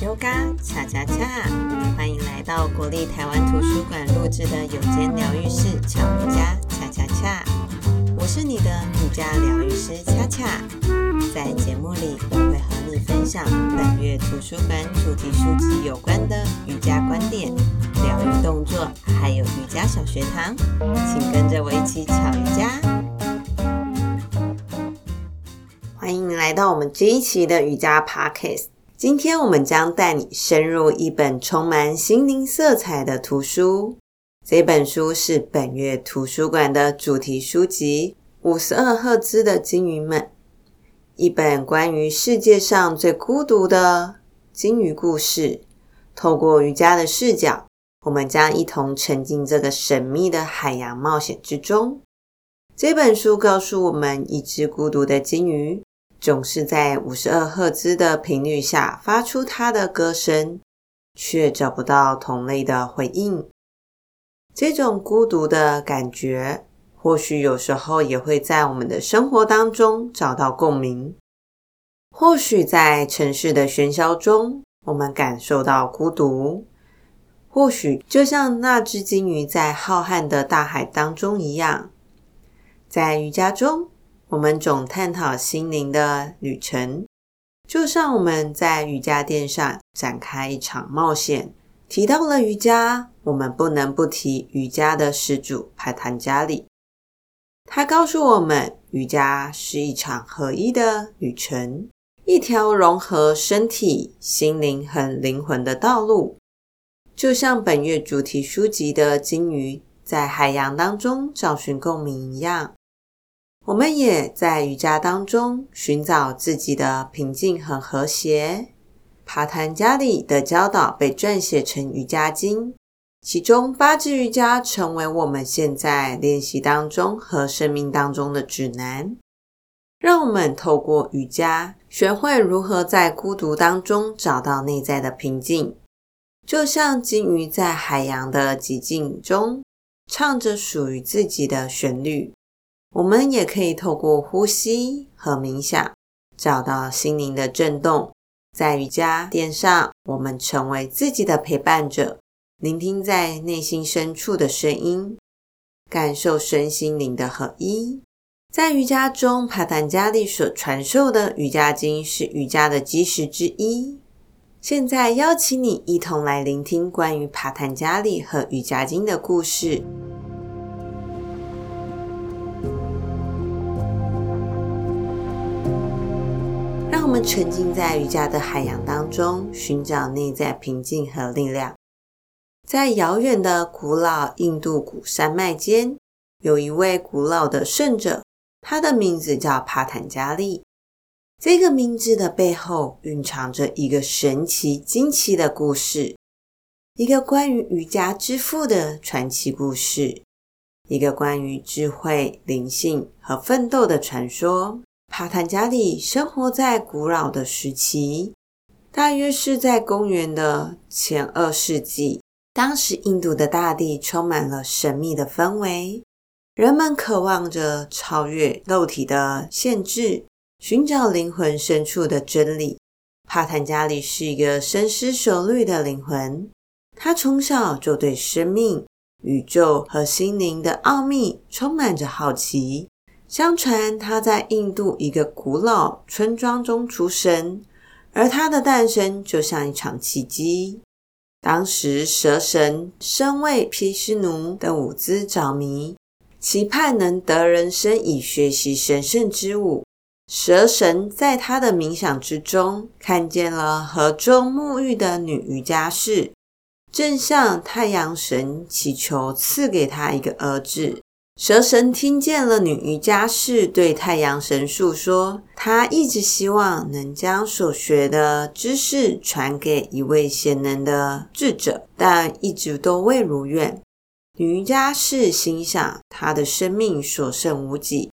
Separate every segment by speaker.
Speaker 1: 瑜伽恰恰恰，歡迎來到國立台灣圖書館錄制的友間聊癒室巧瑜伽恰恰恰，我是你的瑜伽療癒師恰恰，在節目裡我會和你分享本月圖書館主題書籍有關的瑜伽觀點、療癒動作，還有瑜伽小學堂，請跟着我一起巧瑜伽。歡迎來到我們這一期的瑜伽 podcast 今天，我們將帶你深入一本充滿心靈色彩的圖書。這本書是本月圖書館的主題書籍《五十二赫茲的鯨魚們》，一本關於世界上最孤獨的鯨魚故事。透過瑜伽的視角，我們將一同沉浸這個神秘的海洋冒險之中。這本書告訴我們，一隻孤獨的鯨魚。總是在五十二赫茲的頻率下發出它的歌聲，卻找不到同類的回應。這種孤獨的感覺，或許有時候也會在我們的生活當中找到共鳴。或許在城市的喧囂中，我們感受到孤獨；或許就像那隻鯨魚在浩瀚的大海當中一樣，在瑜伽中。我們總探討心靈的旅程，就像我們在瑜伽墊上展開一場冒險。提到了瑜伽，我們不能不提瑜伽的始祖帕坦加利。他告訴我們，瑜伽是一場合一的旅程，一條融合身體、心靈和靈魂的道路，就像本月主題書籍的鯨魚在海洋當中找尋共鳴一樣。我們也在瑜伽當中尋找自己的平靜和和諧。帕坦加利的教導被撰寫成瑜伽經，其中八支瑜伽成為我們現在練習當中和生命當中的指南。讓我們透過瑜伽學會如何在孤獨當中找到內在的平靜，就像鯨魚在海洋的寂靜中唱着屬於自己的旋律。我們也可以透過呼吸和冥想，找到心靈的震動。在瑜伽墊上，我們成為自己的陪伴者，聆聽在內心深處的聲音，感受身心靈的合一。在瑜伽中，帕坦加利所傳授的瑜伽經是瑜伽的基石之一。現在邀請你一同來聆聽關於帕坦加利和瑜伽經的故事。我們沉浸在瑜伽的海洋當中，尋找內在平靜和力量。在遙遠的古老印度古山脈間，有一位古老的聖者，他的名字叫帕坦加利。這個名字的背後蘊藏着一個神奇、驚奇的故事，一個關於瑜伽之父的傳奇故事，一個關於智慧、靈性和奮鬥的傳說。帕坦加利生活在古老的時期，大約是在公元的前二世紀。當時，印度的大地充滿了神秘的氛圍，人們渴望着超越肉體的限制，尋找靈魂深處的真理。帕坦加利是一個深思熟慮的靈魂，他從小就對生命、宇宙和心靈的奧秘充滿着好奇。相傳他在印度一個古老村莊中出生，而他的誕生就像一場奇蹟。當時，蛇神深為毗濕奴的舞姿着迷，期盼能得人身以學習神聖之舞。蛇神在他的冥想之中，看見了河中沐浴的女瑜伽士，正向太陽神祈求賜給他一個兒子。蛇神聽見了女瑜伽士對太陽神訴說，她一直希望能將所學的知識傳給一位賢能的智者，但一直都未如願。女瑜伽士心想，她的生命所剩無幾，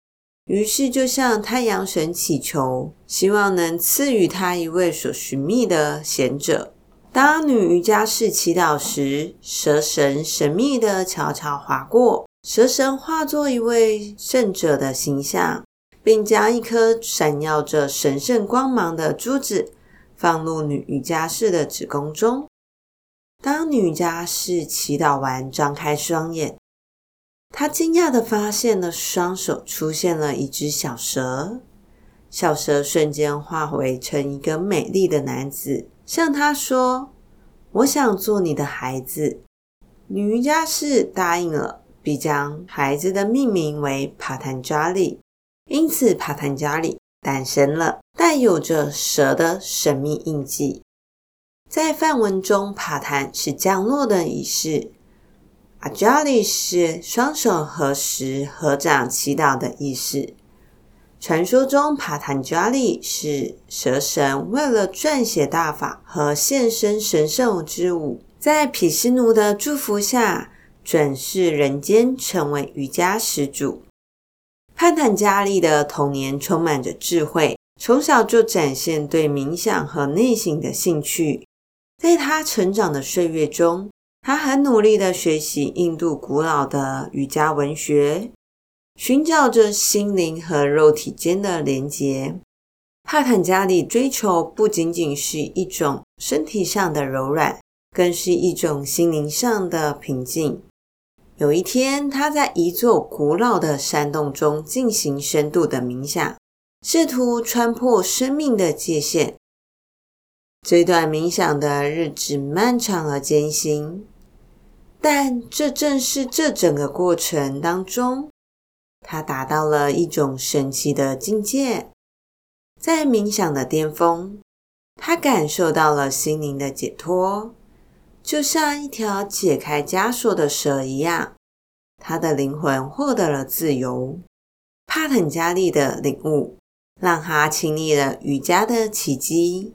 Speaker 1: 於是就向太陽神祈求，希望能賜予她一位所尋覓的賢者。當女瑜伽士祈禱時，蛇神神秘地悄悄劃，劃過。蛇神化作一位聖者的形象，並將一顆閃耀着神聖光芒的珠子放入女瑜伽士的子宮中。當女瑜伽士祈，祈禱完，張開雙眼，她驚訝地發現了雙手出現了一隻小蛇。小蛇瞬間化回成一個美麗的男子，向她說：“我想做你的孩子。”女瑜伽士答應了。必將孩子的命名為帕坦加利，因此帕坦加利誕生了，帶有着蛇的神秘印記。在梵文中，帕坦是降落的儀式，阿加利是雙手合十合掌祈禱的儀式。傳說中，帕坦加利是蛇神為了撰寫大法和獻身神聖之舞，在毗濕奴的祝福下。轉世人間，成為瑜伽始祖。帕坦加利的童年充滿着智慧，從小就展現對冥想和內心的興趣。在他成長的歲月中，他很努力的學習印度古老的瑜伽文學，尋找着心靈和肉體間的連結。帕坦加利追求不僅僅是一種身體上的柔軟，更是一種心靈上的平靜。有一天，他在一座古老的山洞中進行深度的冥想，試圖穿破生命的界限。這段冥想的日子漫長而艱辛，但這正是這整個過程當中，他達到了一種神奇的境界。在冥想的巔峰，他感受到了心靈的解脫。就像一條解開枷鎖的蛇一樣，他的靈魂獲得了自由。帕坦加利的領悟讓他親歷了瑜伽的奇蹟，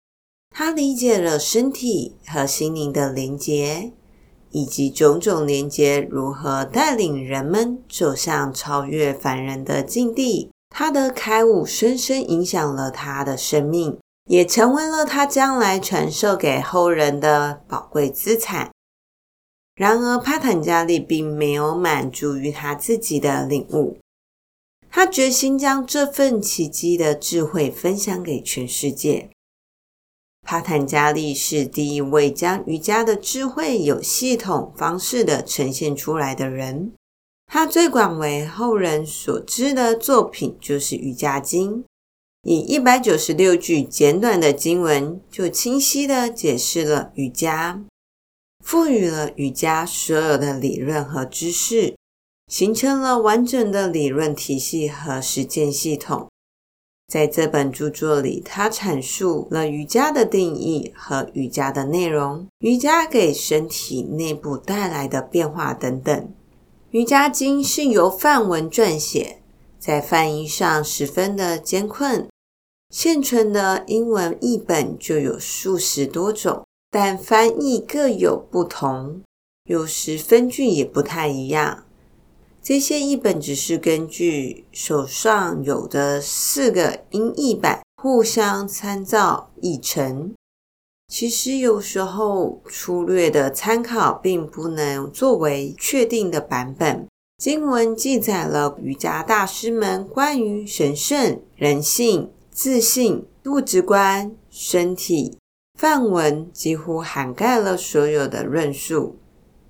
Speaker 1: 他理解了身體和心靈的連結，以及種種連結如何帶領人們走向超越凡人的境地。他的開悟深深影響了他的生命。也成為了他將來傳授給後人的寶貴資產。然而，帕坦加利並沒有滿足於他自己的領悟，他決心將這份奇蹟的智慧分享給全世界。帕坦加利是第一位將瑜伽的智慧有系統方式的呈現出來的人。他最廣為後人所知的作品就是《瑜伽經》。以一百九十六句簡短的經文，就清晰地解釋了瑜伽，賦予了瑜伽所有的理論和知識，形成了完整的理論體系和實踐系統。在這本著作裡，他闡述了瑜伽的定義和瑜伽的內容，瑜伽給身體內部帶來的變化等等。瑜伽經是由梵文撰寫，在翻譯上十分的艱困。現存的英文譯本就有數十多種，但翻譯各有不同，有時分句也不太一樣。這些譯本只是根據手上有的四個英譯版互相參照，譯成。其實有時候粗略的參考並不能作為確定的版本。經文記載了瑜伽大師們關於神聖人性。自信、物質觀、身體、範文幾乎涵蓋了所有的論述。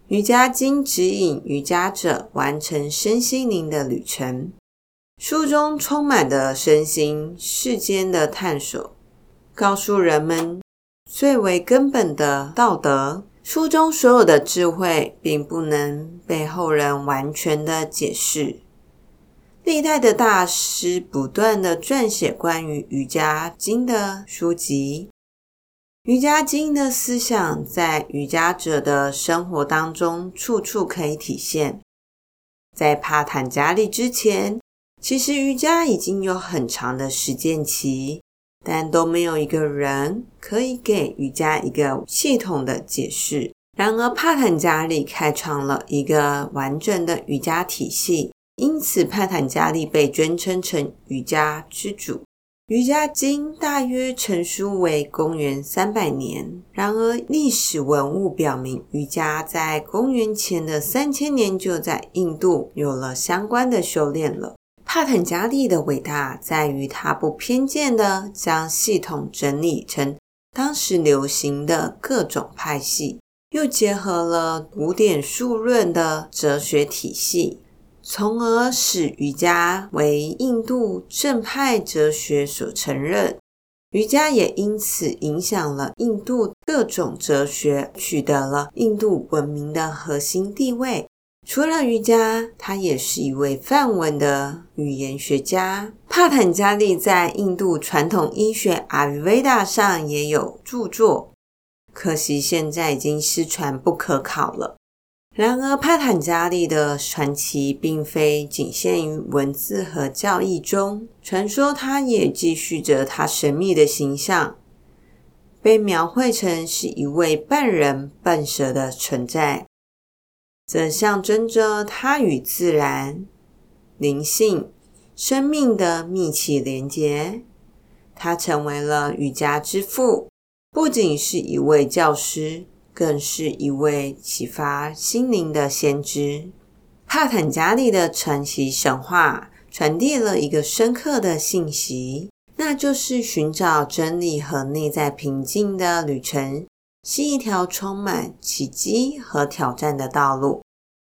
Speaker 1: 瑜伽經指引瑜伽者完成身心靈的旅程。書中充滿的身心世間的探索，告訴人們最為根本的道德。書中所有的智慧，並不能被後人完全的解釋。歷代的大師不斷的撰寫關於瑜伽經的書籍，瑜伽經的思想在瑜伽者的生活當中處處可以體現。在帕坦加利之前，其實瑜伽已經有很長的實踐期，但都沒有一個人可以給瑜伽一個系統的解釋。然而，帕坦加利開創了一個完整的瑜伽體系。因此，帕坦加利被尊稱成瑜伽之主。瑜伽經大約成書為公元三百年，然而歷史文物表明，瑜伽在公元前的三千年就在印度有了相關的修煉了。帕坦加利的偉大在於他不偏見地將系統整理成當時流行的各種派系，又結合了古典數論的哲學體系。從而使瑜伽為印度正派哲學所承認，瑜伽也因此影響了印度各種哲學，取得了印度文明的核心地位。除了瑜伽，他也是一位梵文的語言學家。帕坦加利在印度傳統醫學阿育吠達上也有著作，可惜現在已經失傳不可考了。然而，帕坦加利的傳奇並非僅限於文字和教義中。傳說，他也繼續着他神秘的形象，被描繪成是一位半人半蛇的存在，則象徵著他與自然、靈性、生命的密切連結。他成為了瑜伽之父，不僅是一位教師。更是一位啟發心靈的先知。帕坦加利的傳奇神話傳遞了一個深刻的信息，那就是尋找真理和內在平靜的旅程是一條充滿奇蹟和挑戰的道路。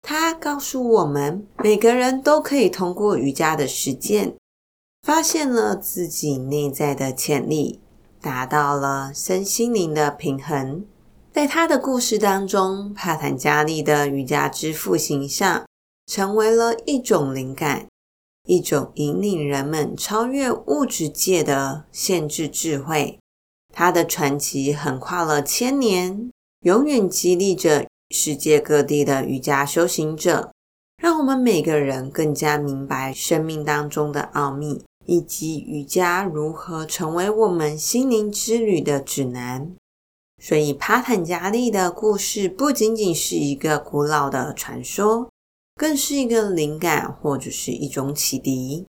Speaker 1: 它告訴我們，每個人都可以通過瑜伽的實踐，發現了自己內在的潛力，達到了身心靈的平衡。在他的故事當中，帕坦加利的瑜伽之父形象成為了一種靈感，一種引領人們超越物質界的限制智慧。他的傳奇橫跨了千年，永遠激勵着世界各地的瑜伽修行者，讓我們每個人更加明白生命當中的奧秘，以及瑜伽如何成為我們心靈之旅的指南。所以，帕坦加利的故事不僅僅是一個古老的傳說，更是一個靈感或者是一種啟迪。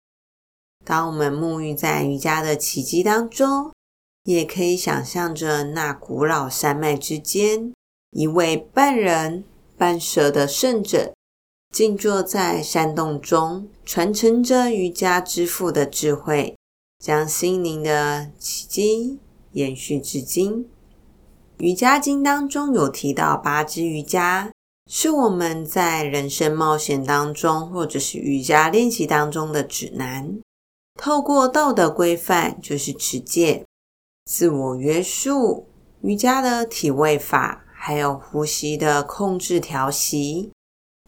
Speaker 1: 當我們沐浴在瑜伽的奇蹟當中，也可以想象着那古老山脈之間，一位半人半蛇的聖者，靜坐在山洞中，傳承着瑜伽之父的智慧，將心靈的奇蹟延續至今。瑜伽經當中有提到八支瑜伽，是我們在人生冒險當中，或者是瑜伽練習當中的指南。透過道德規範，就是持戒、自我約束；瑜伽的體位法，還有呼吸的控制調息、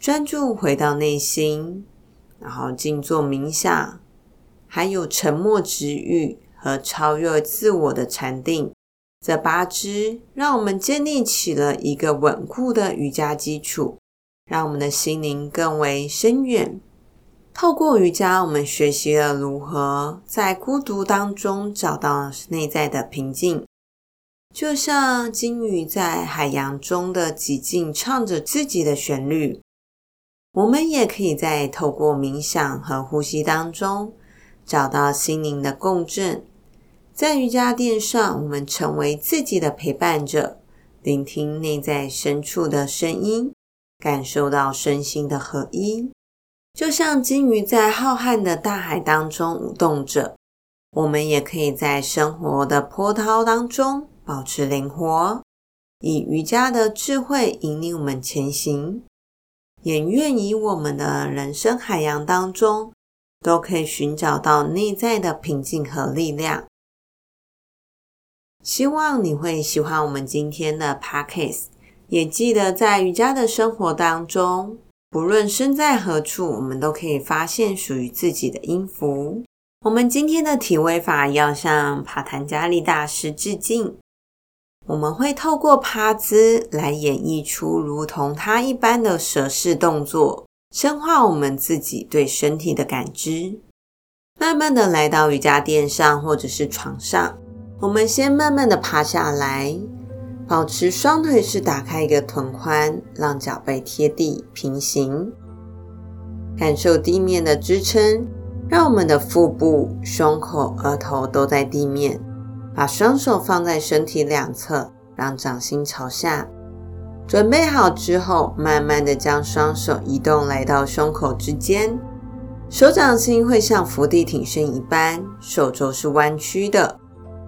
Speaker 1: 專注回到內心，然後靜坐冥想，還有沉默止語和超越自我的禪定。這八支讓我們建立起了一個穩固的瑜伽基礎，讓我們的心靈更為深遠。透過瑜伽，我們學習了如何在孤獨當中找到內在的平靜，就像鯨魚在海洋中的寂靜唱着自己的旋律。我們也可以在透過冥想和呼吸當中找到心靈的共振。在瑜伽墊上，我們成為自己的陪伴者，聆聽內在深處的聲音，感受到身心的合一。就像鯨魚在浩瀚的大海當中舞動着，我們也可以在生活的波濤當中保持靈活，以瑜伽的智慧引領我們前行。也願以我們的人生海洋當中，都可以尋找到內在的平靜和力量。希望你會喜歡我們今天的 podcast，也記得在瑜伽的生活當中，不論身在何處，我們都可以發現屬於自己的音符。我們今天的體位法要向帕坦加利大師致敬，我們會透過趴姿來演繹出如同他一般的蛇式動作，深化我們自己對身體的感知。慢慢的來到瑜伽墊上或者是床上。我們先慢慢的趴下來，保持雙腿是打開一個臀寬，讓腳背貼地平行，感受地面的支撐，讓我們的腹部、胸口、額頭都在地面。把雙手放在身體兩側，讓掌心朝下。準備好之後，慢慢的將雙手移動來到胸口之間，手掌心會像伏地挺身一般，手肘是彎曲的。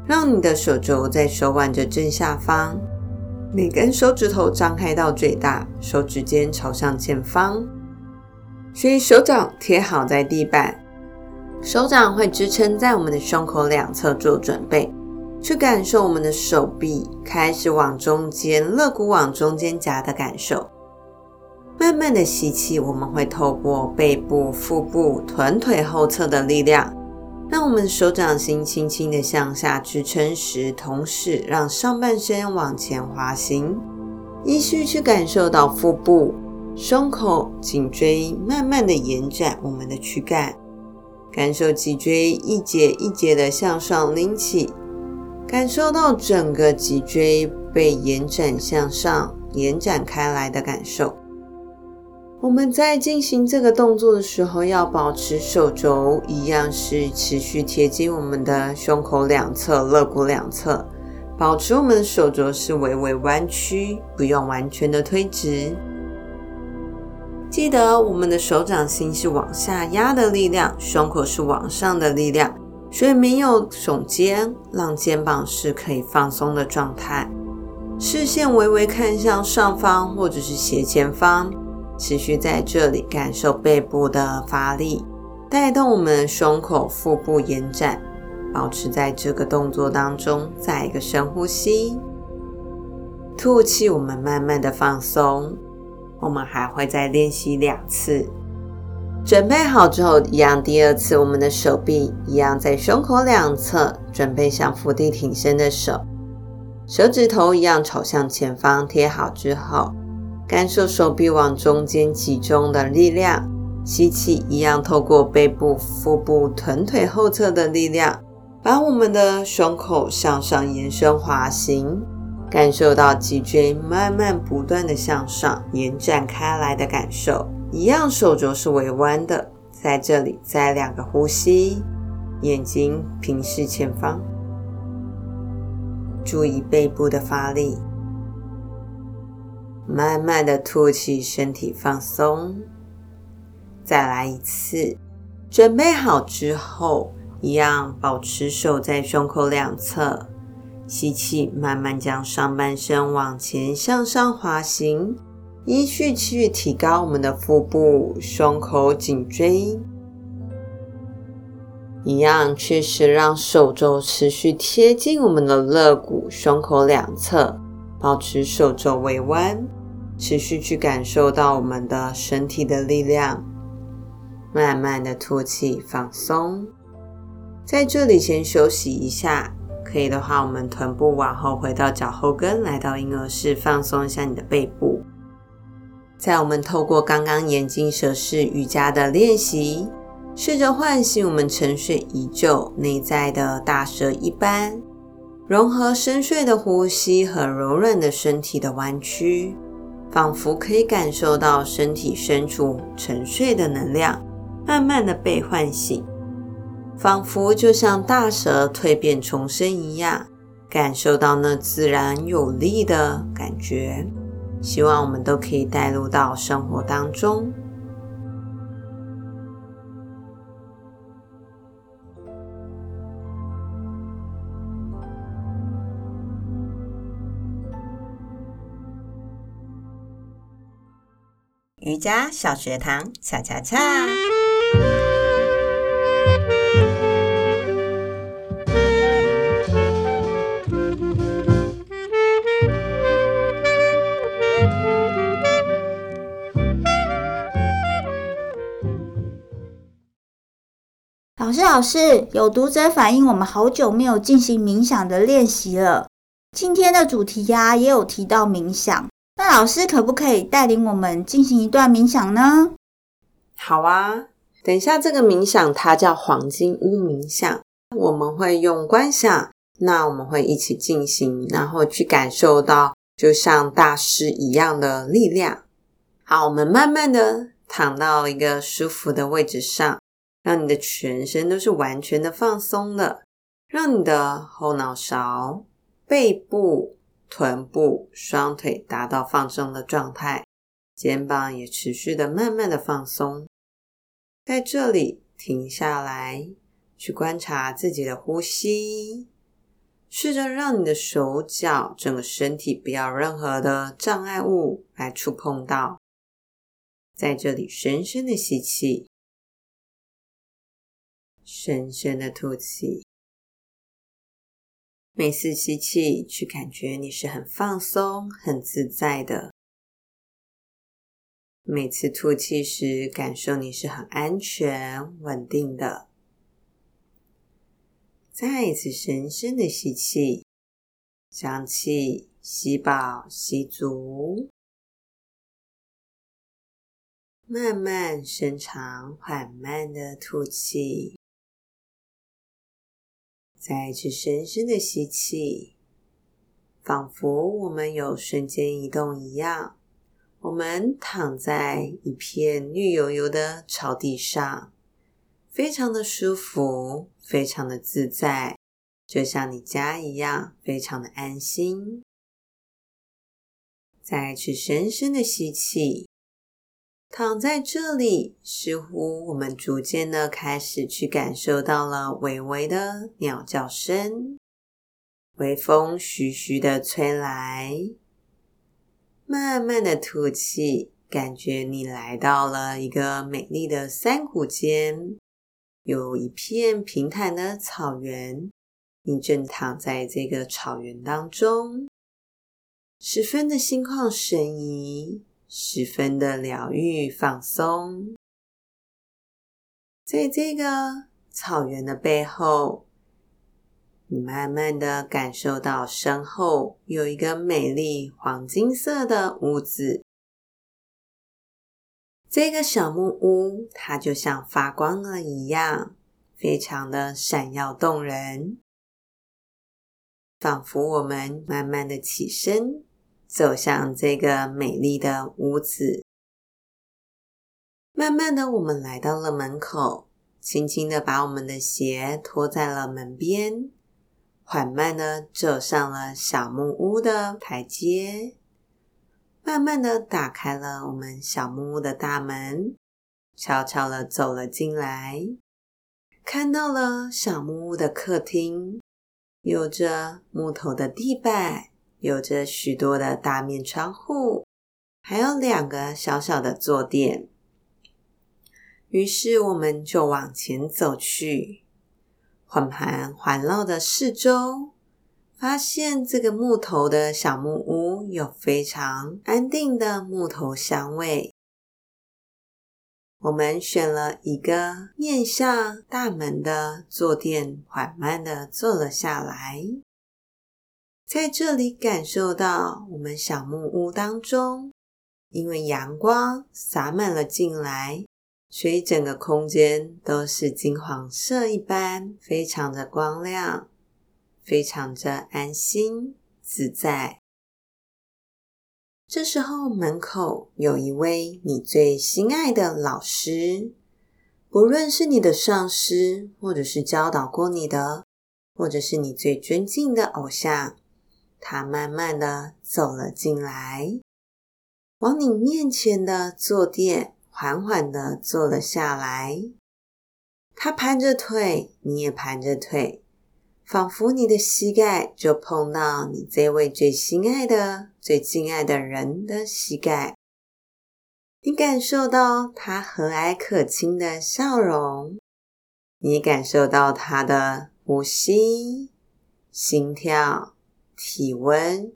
Speaker 1: 讓你的手肘在手腕的正下方，每根手指頭張開到最大，手指尖朝向前方，所以手掌貼好在地板，手掌會支撐在我們的胸口兩側做準備，去感受我們的手臂開始往中間、肋骨往中間夾的感受。慢慢的吸氣，我們會透過背部、腹部、臀腿後側的力量。當我們手掌心輕輕的向下支撐時，同時讓上半身往前滑行，依序去感受到腹部、胸口、頸椎慢慢的延展我們的軀幹，感受脊椎一節一節的向上拎起，感受到整個脊椎被延展向上延展開來的感受。我們在進行這個動作的時候，要保持手肘一樣是持續貼緊我們的胸口兩側、肋骨兩側，保持我們的手肘是微微彎曲，不用完全的推直。記得我們的手掌心是往下壓的力量，胸口是往上的力量，所以沒有聳肩，讓肩膀是可以放鬆的狀態。視線微微看向上方或者是斜前方。持續在這裡感受背部的發力，帶動我們的胸口、腹部延展，保持在這個動作當中。再一個深呼吸，吐氣，我們慢慢的放鬆。我們還會再練習兩次。準備好之後，一樣第二次，我們的手臂一樣在胸口兩側，準備像伏地挺身的手，手指頭一樣朝向前方貼好之後。感受手臂往中間集中的力量，吸氣，一樣透過背部、腹部、臀腿後側的力量，把我們的胸口向上延伸滑行，感受到脊椎慢慢不斷的向上延展開來的感受。一樣，手肘是微彎的，在這裡，再兩個呼吸，眼睛平視前方，注意背部的發力。慢慢的吐氣，身體放鬆。再來一次。準備好之後，一樣保持手在胸口兩側，吸氣，慢慢將上半身往前向上滑行，依序去提高我們的腹部、胸口、頸椎。一樣，確實讓手肘持續貼近我們的肋骨、胸口兩側，保持手肘微彎。持續去感受到我們的身體的力量，慢慢的吐氣放鬆，在這裡先休息一下。可以的話，我們臀部往後回到腳後跟，來到嬰兒式，放鬆一下你的背部。在我們透過剛剛眼鏡蛇式瑜伽的練習，試着喚醒我們沉睡已久內在的大蛇一般，融合深睡的呼吸和柔軟的身體的彎曲。仿佛可以感受到身體深處沉睡的能量，慢慢的被喚醒，仿佛就像大蛇蛻變重生一樣，感受到那自然有力的感覺。希望我們都可以帶入到生活當中。瑜伽小學堂，恰恰恰！
Speaker 2: 老師，老師，有讀者反映，我們好久沒有進行冥想的練習了。今天的主題呀、啊，也有提到冥想。那老師可不可以帶領我們進行一段冥想呢？
Speaker 1: 好啊，等一下這個冥想它叫黃金屋冥想，我們會用觀想，那我們會一起進行，然後去感受到就像大師一樣的力量。好，我們慢慢的躺到一個舒服的位置上，讓你的全身都是完全的放鬆的，讓你的後腦勺、背部。臀部、雙腿達到放鬆的狀態，肩膀也持續的慢慢的放鬆。在這裡停下來，去觀察自己的呼吸，試着讓你的手腳、整個身體不要任何的障礙物來觸碰到。在這裡深深的吸氣，深深的吐氣。每次吸氣，去感覺你是很放鬆、很自在的；每次吐氣時，感受你是很安全、穩定的。再一次深深的吸氣，將氣吸飽、吸足，慢慢伸長，緩慢的吐氣。再去深深的吸氣，仿佛我們有瞬間移動一樣。我們躺在一片綠油油的草地上，非常的舒服，非常的自在，就像你家一樣，非常的安心。再去深深的吸氣。躺在這裡，似乎我們逐漸的開始去感受到了微微的鳥叫聲，微風徐徐的吹來，慢慢的吐氣，感覺你來到了一個美麗的山谷間，有一片平坦的草原，你正躺在這個草原當中，十分的心曠神怡。十分的療癒放鬆，在這個草原的背後，你慢慢的感受到身後有一個美麗黃金色的屋子。這個小木屋，它就像發光了一樣，非常的閃耀動人，仿佛我們慢慢的起身。走向這個美麗的屋子，慢慢的，我們來到了門口，輕輕的把我們的鞋脫在了門邊，緩慢的走上了小木屋的台階，慢慢的打開了我們小木屋的大門，悄悄的走了進來，看到了小木屋的客廳，有着木頭的地板。有着許多的大面窗戶，還有兩個小小的坐墊。於是我們就往前走去，緩盤環繞的四周，發現這個木頭的小木屋有非常安定的木頭香味。我們選了一個面向大門的坐墊，緩慢的坐了下來。在這裡感受到我們小木屋當中，因為陽光灑滿了進來，所以整個空間都是金黃色一般，非常的光亮，非常的安心自在。這時候門口有一位你最心愛的老師，不論是你的上師，或者是教導過你的，或者是你最尊敬的偶像。他慢慢的走了進來，往你面前的坐墊緩緩的坐了下來。他盤着腿，你也盤着腿，仿佛你的膝蓋就碰到你這位最心愛的、最敬愛的人的膝蓋。你感受到他和藹可親的笑容，你感受到他的呼吸、心跳。體溫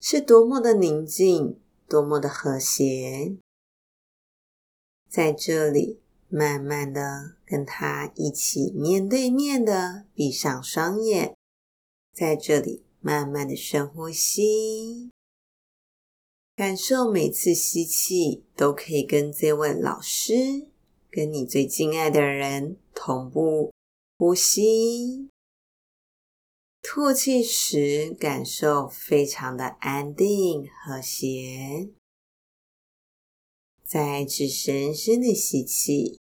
Speaker 1: 是多麼的寧靜，多麼的和諧，在這裡慢慢的跟他一起面對面的閉上雙眼，在這裡慢慢的深呼吸，感受每次吸氣都可以跟這位老師，跟你最敬愛的人同步呼吸。吐氣時，感受非常的安定和諧。再一次深深的吸氣，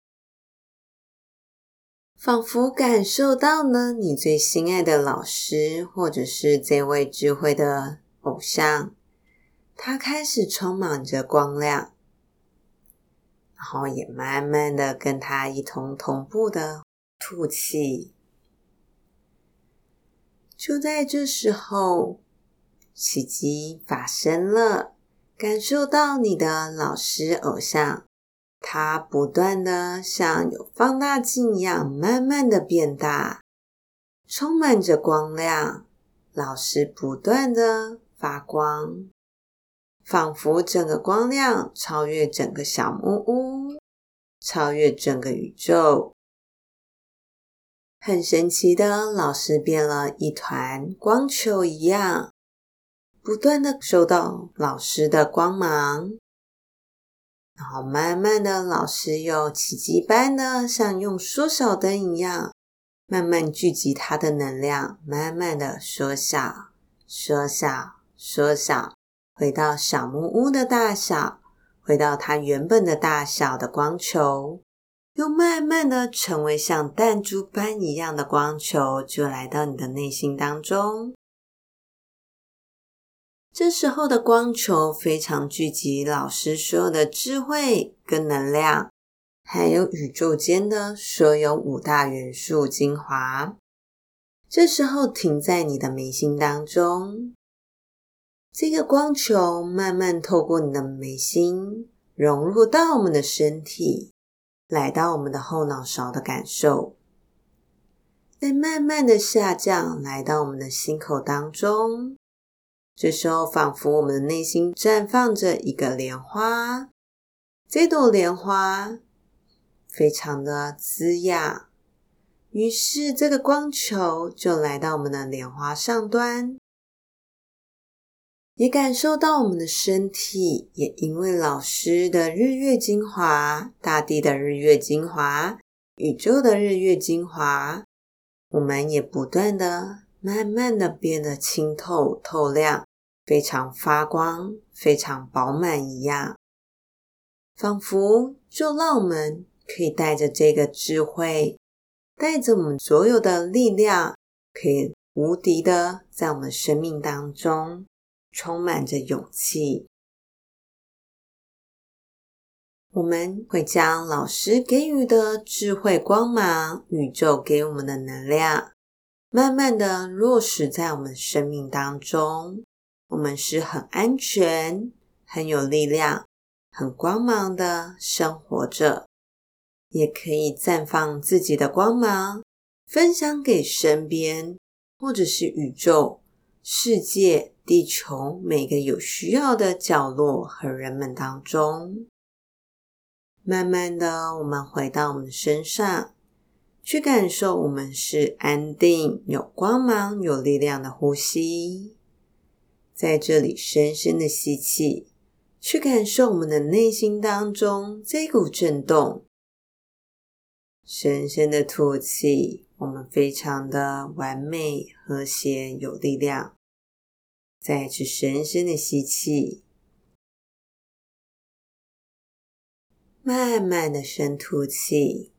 Speaker 1: 仿佛感受到呢，你最心愛的老師，或者是這位智慧的偶像，他開始充滿着光亮，然後也慢慢的跟他一同同步的吐氣。就在這時候，奇蹟發生了。感受到你的老師偶像，他不斷的像有放大鏡一樣，慢慢的變大，充滿着光亮。老師不斷的發光，仿佛整個光亮超越整個小木屋，超越整個宇宙。很神奇的，老師變了一團光球一樣，不斷的收到老師的光芒，然後慢慢的，老師又奇跡般的像用縮小燈一樣，慢慢聚集它的能量，慢慢的縮小，縮小，縮小，回到小木屋的大小，回到它原本的大小的光球。又慢慢的成為像彈珠般一樣的光球，就來到你的內心當中。這時候的光球非常聚集老師所有的智慧跟能量，還有宇宙間的所有五大元素精華。這時候停在你的眉心當中，這個光球慢慢透過你的眉心融入到我們的身體。來到我們的後腦勺的感受，再慢慢的下降，來到我們的心口當中。這時候，仿佛我們的內心綻放着一個蓮花，這朵蓮花非常的滋養。於是，這個光球就來到我們的蓮花上端。也感受到我們的身體，也因為老師的日月精華、大地的日月精華、宇宙的日月精華，我們也不斷的、慢慢的變得清透、透亮，非常發光、非常飽滿一樣，仿佛就讓我們可以帶着這個智慧，帶着我們所有的力量，可以無敵的在我們生命當中。充滿着勇氣，我們會將老師給予的智慧光芒、宇宙給我們的能量，慢慢的落實在我們生命當中。我們是很安全、很有力量、很光芒的生活着，也可以綻放自己的光芒，分享給身邊或者是宇宙、世界。地球每個有需要的角落和人們當中，慢慢的，我們回到我們身上，去感受我們是安定、有光芒、有力量的呼吸。在這裡，深深的吸氣，去感受我們的內心當中這一股震動。深深的吐氣，我們非常的完美、和諧、有力量。再次深深的吸氣，慢慢的深吐氣。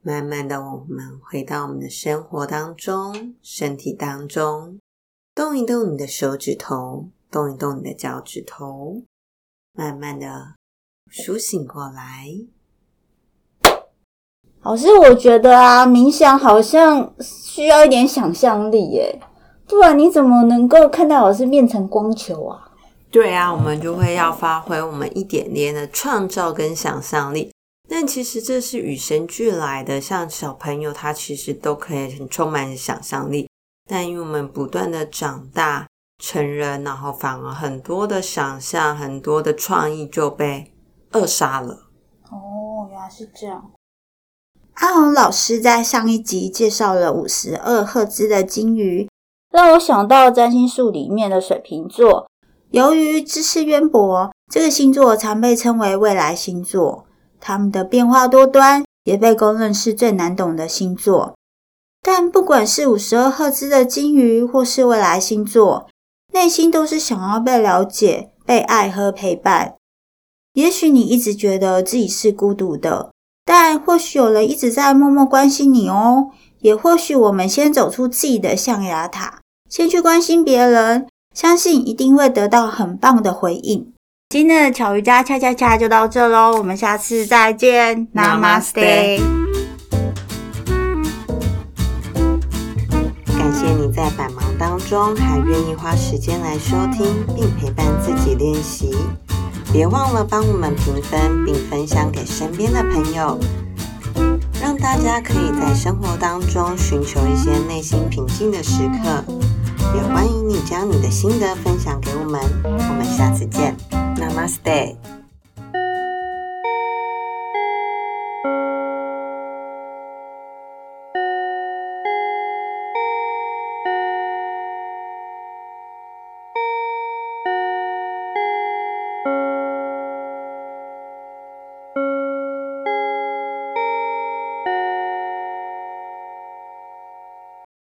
Speaker 1: 慢慢的，我們回到我們的生活當中、身體當中，動一動你的手指頭，動一動你的腳趾頭，慢慢的甦醒過來。老師，
Speaker 2: 我覺得啊，冥想好像需要一點想象力，耶。不然、啊、你怎麼能夠看到我是變成光球啊？
Speaker 1: 對啊，我們就會要發揮我們一點點的創造跟想象力。但其實這是與生俱來的，像小朋友他其實都可以很充滿想象力。但因為我們不斷的長大成人，然後反而很多的想象、很多的創意就被扼殺了。哦，原
Speaker 2: 來是這樣。阿紅老師在上一集介紹了五十二赫茲的鯨魚。讓我想到占星術裡面的水瓶座，由於知識淵博，這個星座常被稱為未來星座。他們的變化多端，也被公認是最難懂的星座。但不管是五十二赫茲的鯨魚，或是未來星座，內心都是想要被了解、被愛和陪伴。也許你一直覺得自己是孤獨的，但或許有人一直在默默關心你哦、喔。也或許我們先走出自己的象牙塔，先去關心別人，相信一定會得到很棒的回應。今天的巧瑜伽恰恰恰就到這嘍，我們下次再見，Namaste，Namaste。
Speaker 1: 感謝你在百忙當中還願意花時間來收聽並陪伴自己練習，別忘了幫我們評分並分享給身邊的朋友，讓大家可以在生活當中尋求一些內心平靜的時刻。也歡迎你將你的心得分享給我們，我們下次見，Namaste。